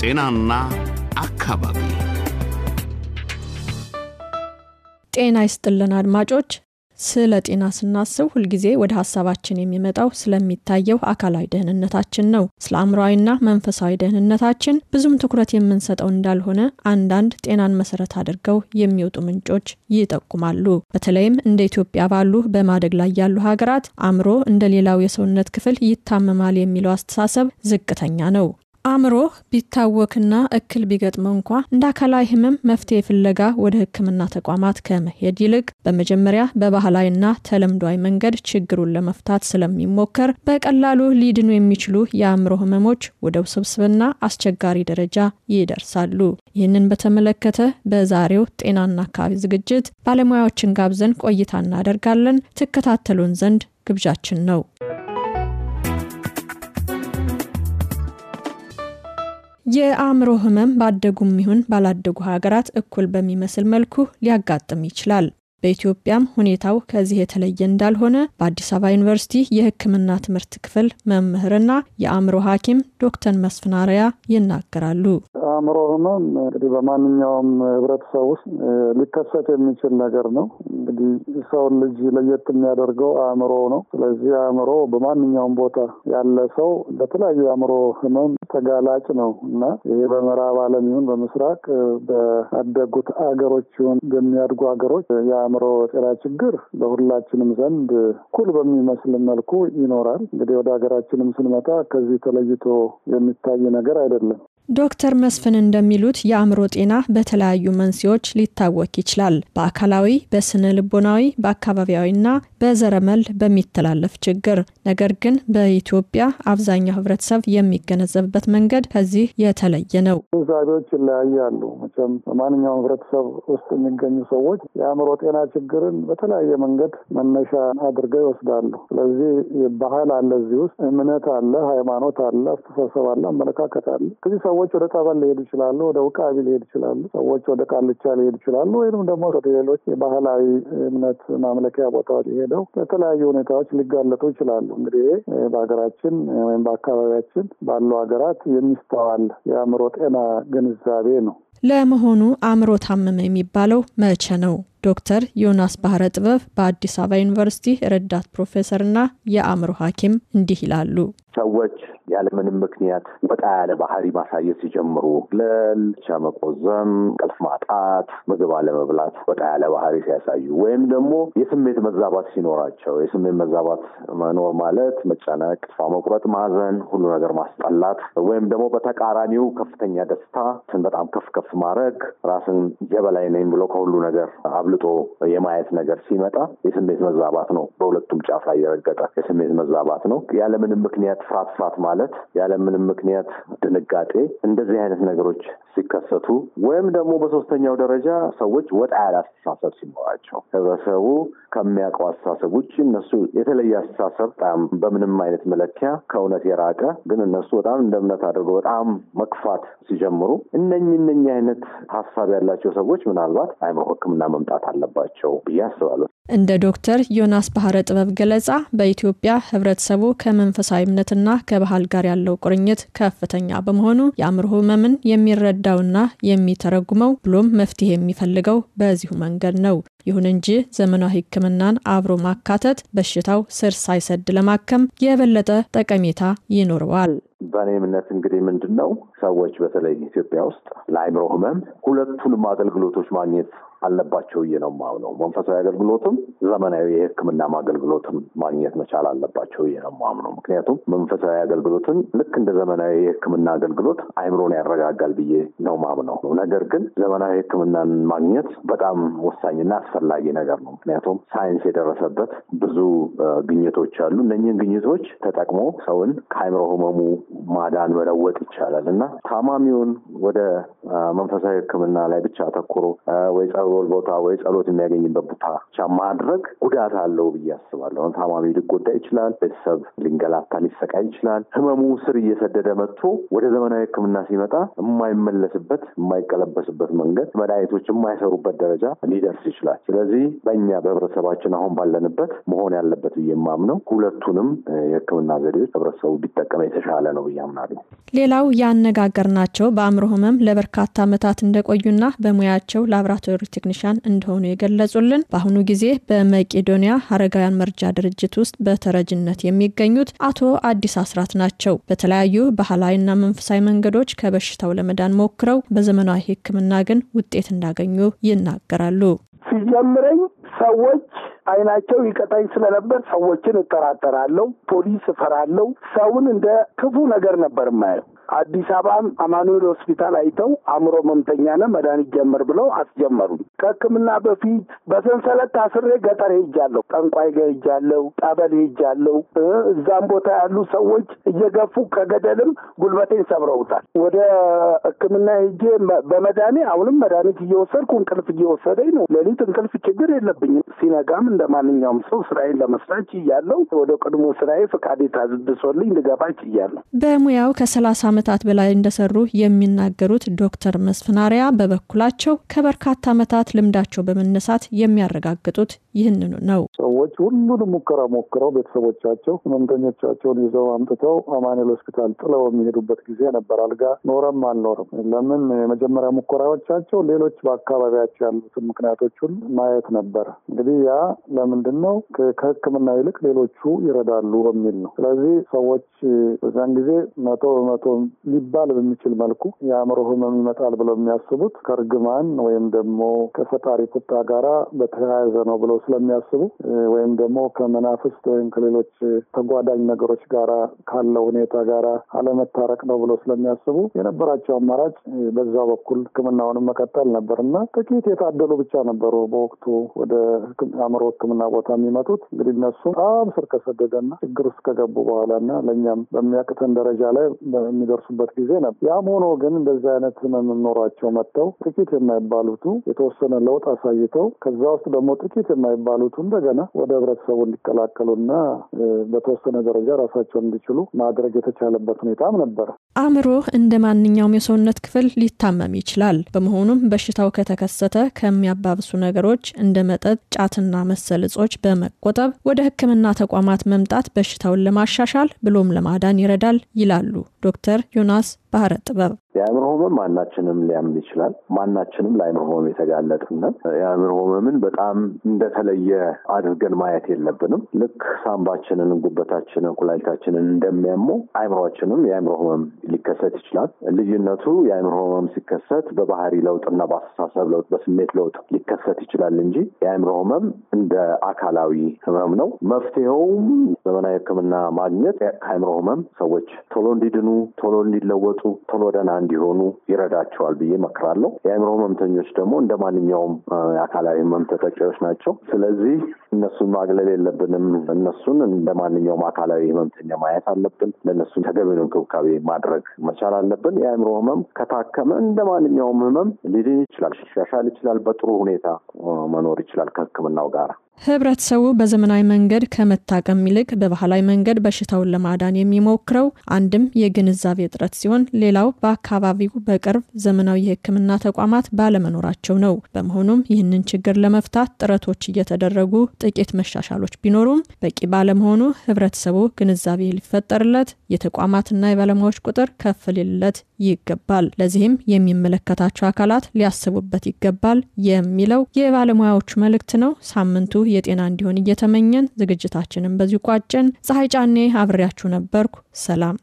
ጤናና አካባቢ ጤና ይስጥልን አድማጮች ስለ ጤና ስናስብ ሁልጊዜ ወደ ሀሳባችን የሚመጣው ስለሚታየው አካላዊ ደህንነታችን ነው። ስለ አእምሯዊና መንፈሳዊ ደህንነታችን ብዙም ትኩረት የምንሰጠው እንዳልሆነ አንዳንድ ጤናን መሰረት አድርገው የሚወጡ ምንጮች ይጠቁማሉ። በተለይም እንደ ኢትዮጵያ ባሉ በማደግ ላይ ያሉ ሀገራት አእምሮ እንደ ሌላው የሰውነት ክፍል ይታመማል የሚለው አስተሳሰብ ዝቅተኛ ነው። አእምሮህ ቢታወክና እክል ቢገጥመው እንኳ እንደ አካላዊ ህመም መፍትሄ ፍለጋ ወደ ሕክምና ተቋማት ከመሄድ ይልቅ በመጀመሪያ በባህላዊና ተለምዷዊ መንገድ ችግሩን ለመፍታት ስለሚሞከር በቀላሉ ሊድኑ የሚችሉ የአእምሮ ህመሞች ወደ ውስብስብና አስቸጋሪ ደረጃ ይደርሳሉ። ይህንን በተመለከተ በዛሬው ጤናና አካባቢ ዝግጅት ባለሙያዎችን ጋብዘን ቆይታ እናደርጋለን። ትከታተሉን ዘንድ ግብዣችን ነው። የአእምሮ ህመም ባደጉም ይሁን ባላደጉ ሀገራት እኩል በሚመስል መልኩ ሊያጋጥም ይችላል። በኢትዮጵያም ሁኔታው ከዚህ የተለየ እንዳልሆነ በአዲስ አበባ ዩኒቨርሲቲ የሕክምና ትምህርት ክፍል መምህርና የአእምሮ ሐኪም ዶክተር መስፍን አርአያ ይናገራሉ። አእምሮ ህመም እንግዲህ በማንኛውም ህብረተሰብ ውስጥ ሊከሰት የሚችል ነገር ነው። እንግዲህ ሰውን ልጅ ለየት የሚያደርገው አእምሮ ነው። ስለዚህ አእምሮ በማንኛውም ቦታ ያለ ሰው ለተለያዩ የአእምሮ ህመም ተጋላጭ ነው እና ይሄ በምዕራብ ዓለም ይሁን በምስራቅ በአደጉት አገሮች ይሁን በሚያድጉ ሀገሮች የአእምሮ ጤና ችግር በሁላችንም ዘንድ ኩል በሚመስል መልኩ ይኖራል። እንግዲህ ወደ ሀገራችንም ስንመጣ ከዚህ ተለይቶ የሚታይ ነገር አይደለም። ዶክተር መስፍን እንደሚሉት የአእምሮ ጤና በተለያዩ መንስኤዎች ሊታወቅ ይችላል። በአካላዊ፣ በስነ ልቦናዊ፣ በአካባቢያዊና በዘረመል በሚተላለፍ ችግር። ነገር ግን በኢትዮጵያ አብዛኛው ህብረተሰብ የሚገነዘብበት መንገድ ከዚህ የተለየ ነው። ግንዛቤዎች ይለያያሉ። መቼም በማንኛውም ህብረተሰብ ውስጥ የሚገኙ ሰዎች የአእምሮ ጤና ችግርን በተለያየ መንገድ መነሻ አድርገው ይወስዳሉ። ስለዚህ ባህል አለ፣ እዚህ ውስጥ እምነት አለ፣ ሃይማኖት አለ፣ አስተሳሰብ አለ፣ አመለካከት አለ። ሰዎች ወደ ጠበል ሊሄዱ ይችላሉ፣ ወደ ውቃቢ ሊሄዱ ይችላሉ፣ ሰዎች ወደ ቃልቻ ሊሄዱ ይችላሉ፣ ወይም ደግሞ ወደ ሌሎች የባህላዊ እምነት ማምለኪያ ቦታዎች ሄደው ለተለያዩ ሁኔታዎች ሊጋለጡ ይችላሉ። እንግዲህ በሀገራችን ወይም በአካባቢያችን ባሉ ሀገራት የሚስተዋል የአእምሮ ጤና ግንዛቤ ነው። ለመሆኑ አእምሮ ታመመ የሚባለው መቼ ነው? ዶክተር ዮናስ ባህረ ጥበብ በአዲስ አበባ ዩኒቨርሲቲ ረዳት ፕሮፌሰርና የአእምሮ ሐኪም እንዲህ ይላሉ። ሰዎች ያለምንም ምክንያት ወጣ ያለ ባህሪ ማሳየት ሲጀምሩ መግለል፣ ቻ መቆዘም፣ ማጣት፣ ምግብ አለመብላት ወጣ ያለ ባህሪ ሲያሳዩ ወይም ደግሞ የስሜት መዛባት ሲኖራቸው የስሜት መዛባት መኖር ማለት መጨነቅ፣ ተስፋ መቁረጥ፣ ማዘን፣ ሁሉ ነገር ማስጠላት ወይም ደግሞ በተቃራኒው ከፍተኛ ደስታ በጣም ከፍ ከፍ ማድረግ፣ ራስን የበላይ ነኝ ብሎ ከሁሉ ነገር አብልጦ የማየት ነገር ሲመጣ የስሜት መዛባት ነው። በሁለቱም ጫፍ ላይ የረገጠ የስሜት መዛባት ነው። ያለምንም ምክንያት ፍራት ፍራት ማለት ማለት ያለምንም ምክንያት ድንጋጤ፣ እንደዚህ አይነት ነገሮች ሲከሰቱ ወይም ደግሞ በሶስተኛው ደረጃ ሰዎች ወጣ ያለ አስተሳሰብ ሲኖራቸው ህብረተሰቡ ከሚያውቀው አስተሳሰብ ውጭ እነሱ የተለየ አስተሳሰብ በጣም በምንም አይነት መለኪያ ከእውነት የራቀ ግን እነሱ በጣም እንደ እምነት አድርገው በጣም መክፋት ሲጀምሩ እነኝ እነኝ አይነት ሀሳብ ያላቸው ሰዎች ምናልባት አይምሮ ሕክምና መምጣት አለባቸው ብዬ አስባለሁ። እንደ ዶክተር ዮናስ ባህረ ጥበብ ገለጻ በኢትዮጵያ ህብረተሰቡ ከመንፈሳዊ እምነትና ከባህል ጋር ያለው ቁርኝት ከፍተኛ በመሆኑ የአእምሮ ህመምን የሚረዳውና የሚተረጉመው ብሎም መፍትሄ የሚፈልገው በዚሁ መንገድ ነው። ይሁን እንጂ ዘመናዊ ሕክምናን አብሮ ማካተት በሽታው ስር ሳይሰድ ለማከም የበለጠ ጠቀሜታ ይኖረዋል። በእኔ እምነት እንግዲህ ምንድን ነው ሰዎች በተለይ ኢትዮጵያ ውስጥ ለአእምሮ ህመም ሁለቱንም አገልግሎቶች ማግኘት አለባቸው ብዬ ነው የማምነው። መንፈሳዊ አገልግሎትም ዘመናዊ የሕክምናም አገልግሎትም ማግኘት መቻል አለባቸው ብዬ ነው የማምነው። ምክንያቱም መንፈሳዊ አገልግሎትን ልክ እንደ ዘመናዊ የሕክምና አገልግሎት አይምሮን ያረጋጋል ብዬ ነው የማምነው። ነገር ግን ዘመናዊ ሕክምናን ማግኘት በጣም ወሳኝና አስፈላጊ ነገር ነው። ምክንያቱም ሳይንስ የደረሰበት ብዙ ግኝቶች አሉ። እነኝህን ግኝቶች ተጠቅሞ ሰውን ከአይምሮ ህመሙ ማዳን መለወጥ ይቻላል እና ታማሚውን ወደ መንፈሳዊ ሕክምና ላይ ብቻ አተኩሮ ወይ ጸሎት ቦታ ወይ ጸሎት የሚያገኝበት ቦታ ብቻ ማድረግ ጉዳት አለው ብዬ አስባለሁ። ታማሚ ሊጎዳ ይችላል። ቤተሰብ ሊንገላታ፣ ሊሰቃይ ይችላል። ህመሙ ስር እየሰደደ መጥቶ ወደ ዘመናዊ ሕክምና ሲመጣ የማይመለስበት የማይቀለበስበት መንገድ መድኃኒቶች የማይሰሩበት ደረጃ ሊደርስ ይችላል። ስለዚህ በእኛ በህብረተሰባችን አሁን ባለንበት መሆን ያለበት ብዬ የማምነው ሁለቱንም የሕክምና ዘዴዎች ህብረተሰቡ ቢጠቀም የተሻለ ነው ብዬ አምናለሁ። ሌላው ናቸው በአእምሮ ህመም ለበርካታ ዓመታት እንደቆዩና በሙያቸው ላብራቶሪ ቴክኒሽያን እንደሆኑ የገለጹልን በአሁኑ ጊዜ በመቄዶንያ አረጋውያን መርጃ ድርጅት ውስጥ በተረጅነት የሚገኙት አቶ አዲስ አስራት ናቸው። በተለያዩ ባህላዊና መንፈሳዊ መንገዶች ከበሽታው ለመዳን ሞክረው በዘመናዊ ሕክምና ግን ውጤት እንዳገኙ ይናገራሉ። ሲጀምረኝ ሰዎች አይናቸው ይቀጣኝ ስለነበር ሰዎችን እጠራጠራለሁ፣ ፖሊስ እፈራለሁ። ሰውን እንደ ክፉ ነገር ነበር ማየው። አዲስ አበባም አማኑኤል ሆስፒታል አይተው አእምሮ መምተኛ ነ መድኃኒት ጀምር ብለው አስጀመሩኝ። ከህክምና በፊት በሰንሰለት ታስሬ ገጠር ሄጃለሁ፣ ጠንቋይ ጋር ሄጃለሁ፣ ጠበል ሄጃለሁ። እዛም ቦታ ያሉ ሰዎች እየገፉ ከገደልም ጉልበቴን ሰብረውታል። ወደ ህክምና ሄጄ በመድኃኒ አሁንም መድኃኒት እየወሰድኩ እንቅልፍ እየወሰደኝ ነው። ሌሊት እንቅልፍ ችግር የለብኝም። ሲነጋም እንደ ማንኛውም ሰው ስራዬን ለመስራት ችያለሁ። ወደ ቀድሞ ስራዬ ፈቃዴ ታዝድሶልኝ ልገባ ችያለሁ። በሙያው ከሰላሳ ዓመታት በላይ እንደሰሩ የሚናገሩት ዶክተር መስፍናሪያ በበኩላቸው ከበርካታ ዓመታት ልምዳቸው በመነሳት የሚያረጋግጡት ይህንኑ ነው። ሰዎች ሁሉንም ሙከራ ሞክረው ቤተሰቦቻቸው ህመምተኞቻቸውን ይዘው አምጥተው አማኑኤል ሆስፒታል ጥለው የሚሄዱበት ጊዜ ነበር። አልጋ ኖረም አልኖርም ለምን የመጀመሪያ ሙከራዎቻቸው ሌሎች በአካባቢያቸው ያሉትን ምክንያቶች ሁሉ ማየት ነበር። እንግዲህ ያ ለምንድን ነው ከህክምና ይልቅ ሌሎቹ ይረዳሉ የሚል ነው። ስለዚህ ሰዎች በዛን ጊዜ መቶ በመቶ ሊባል በሚችል መልኩ የአእምሮ ህመም ይመጣል ብለው የሚያስቡት ከእርግማን ወይም ደግሞ ከፈጣሪ ቁጣ ጋራ በተያያዘ ነው ብለው ስለሚያስቡ ወይም ደግሞ ከመናፍስት ወይም ከሌሎች ተጓዳኝ ነገሮች ጋራ ካለው ሁኔታ ጋራ አለመታረቅ ነው ብለው ስለሚያስቡ የነበራቸው አማራጭ በዛ በኩል ህክምናውንም መቀጠል ነበር እና ጥቂት የታደሉ ብቻ ነበሩ በወቅቱ ወደ አእምሮ ህክምና ቦታ የሚመጡት እንግዲህ እነሱ በጣም ስር ከሰደደና ችግር ውስጥ ከገቡ በኋላ እና ለእኛም በሚያቅተን ደረጃ ላይ በሚደ በሚደርሱበት ጊዜ ነበር። ያም ሆኖ ግን እንደዚህ አይነት መምኖራቸው መጥተው ጥቂት የማይባሉቱ የተወሰነ ለውጥ አሳይተው ከዛ ውስጥ ደግሞ ጥቂት የማይባሉቱ እንደገና ወደ ህብረተሰቡ እንዲቀላቀሉና በተወሰነ ደረጃ ራሳቸውን እንዲችሉ ማድረግ የተቻለበት ሁኔታም ነበረ። አእምሮ እንደ ማንኛውም የሰውነት ክፍል ሊታመም ይችላል። በመሆኑም በሽታው ከተከሰተ ከሚያባብሱ ነገሮች እንደ መጠጥ፣ ጫትና መሰል እጾች በመቆጠብ ወደ ሕክምና ተቋማት መምጣት በሽታውን ለማሻሻል ብሎም ለማዳን ይረዳል ይላሉ ዶክተር Jonas ባህረ ጥበብ የአእምሮ ህመም ማናችንም ሊያምል ይችላል። ማናችንም ለአእምሮ ህመም የተጋለጥነት የአእምሮ ህመምን በጣም እንደተለየ አድርገን ማየት የለብንም። ልክ ሳምባችንን፣ ጉበታችንን፣ ኩላሊታችንን እንደሚያሙ አእምሯችንም የአእምሮ ህመም ሊከሰት ይችላል። ልዩነቱ የአእምሮ ህመም ሲከሰት በባህሪ ለውጥና በአስተሳሰብ ለውጥ፣ በስሜት ለውጥ ሊከሰት ይችላል እንጂ የአእምሮ ህመም እንደ አካላዊ ህመም ነው። መፍትሄውም ዘመናዊ ህክምና ማግኘት ከአእምሮ ህመም ሰዎች ቶሎ እንዲድኑ ቶሎ እንዲለወጡ እንዲወጡ ቶሎ ደህና እንዲሆኑ ይረዳቸዋል ብዬ መክራለሁ። የአእምሮ ህመምተኞች ደግሞ እንደ ማንኛውም የአካላዊ ህመም ተጠቂዎች ናቸው። ስለዚህ እነሱን ማግለል የለብንም። እነሱን እንደ ማንኛውም አካላዊ ህመምተኛ ማየት አለብን። ለእነሱን ተገቢውን እንክብካቤ ማድረግ መቻል አለብን። የአእምሮ ህመም ከታከመ እንደ ማንኛውም ህመም ሊድን ይችላል፣ ሊሻሻል ይችላል፣ በጥሩ ሁኔታ መኖር ይችላል ከህክምናው ጋር ህብረተሰቡ በዘመናዊ መንገድ ከመታቀም ይልቅ በባህላዊ መንገድ በሽታውን ለማዳን የሚሞክረው አንድም የግንዛቤ እጥረት ሲሆን፣ ሌላው በአካባቢው በቅርብ ዘመናዊ የሕክምና ተቋማት ባለመኖራቸው ነው። በመሆኑም ይህንን ችግር ለመፍታት ጥረቶች እየተደረጉ ጥቂት መሻሻሎች ቢኖሩም በቂ ባለመሆኑ ህብረተሰቡ ግንዛቤ ሊፈጠርለት፣ የተቋማትና የባለሙያዎች ቁጥር ከፍ ሊልለት ይገባል። ለዚህም የሚመለከታቸው አካላት ሊያስቡበት ይገባል የሚለው የባለሙያዎቹ መልእክት ነው። ሳምንቱ የጤና እንዲሆን እየተመኘን ዝግጅታችንን በዚሁ ቋጨን። ፀሐይ ጫኔ አብሬያችሁ ነበርኩ። ሰላም።